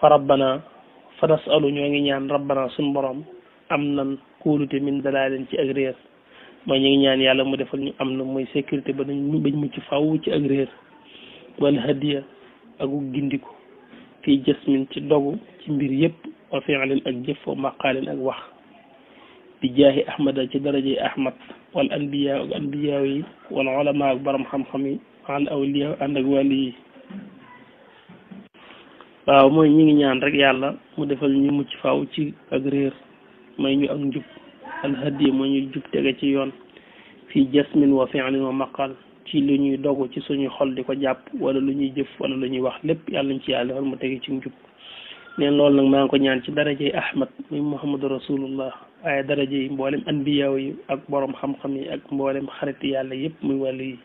fa rabbana fa nasalu ñoo ngi ñaan rabbana suñu borom am nan kóolute min dalaalin ci ak mooy ñu ngi ñaan yàlla moo defal ñu am na mooy sécurité ba nañ bañ mucc faaw ci ak réer wal hadiya ak gindiku fii jasmin ci dogu ci mbir yëpp wa fi'lin ak jëf wa maqaalin ak wax bi jaahi ahmada ci darajey ahmad wal anbiya ak yi wal ulama ak borom xam-xam yi al awliya ànd ak wàlli waaw mooy ñi ngi ñaan rek yàlla mu defal ñu mucc faaw ci ak réer may ñu ak njub alhadi mooy ñu jub tege ci yoon fii jasmin wa fi'lin wa maqal ci lu ñuy dogu ci suñu xol di ko jàpp wala lu ñuy jëf wala lu ñuy wax lépp yàlla ñu ci yàlla defal mu tege ci njub neen loolu nag maa ngi ko ñaan ci darajey ahmad muy muhammadu rasulullah waaye darajey mboolem anbiyaaw yi ak boroom xam-xam yi ak mboolem xarit yàlla yëpp muy wàllu yi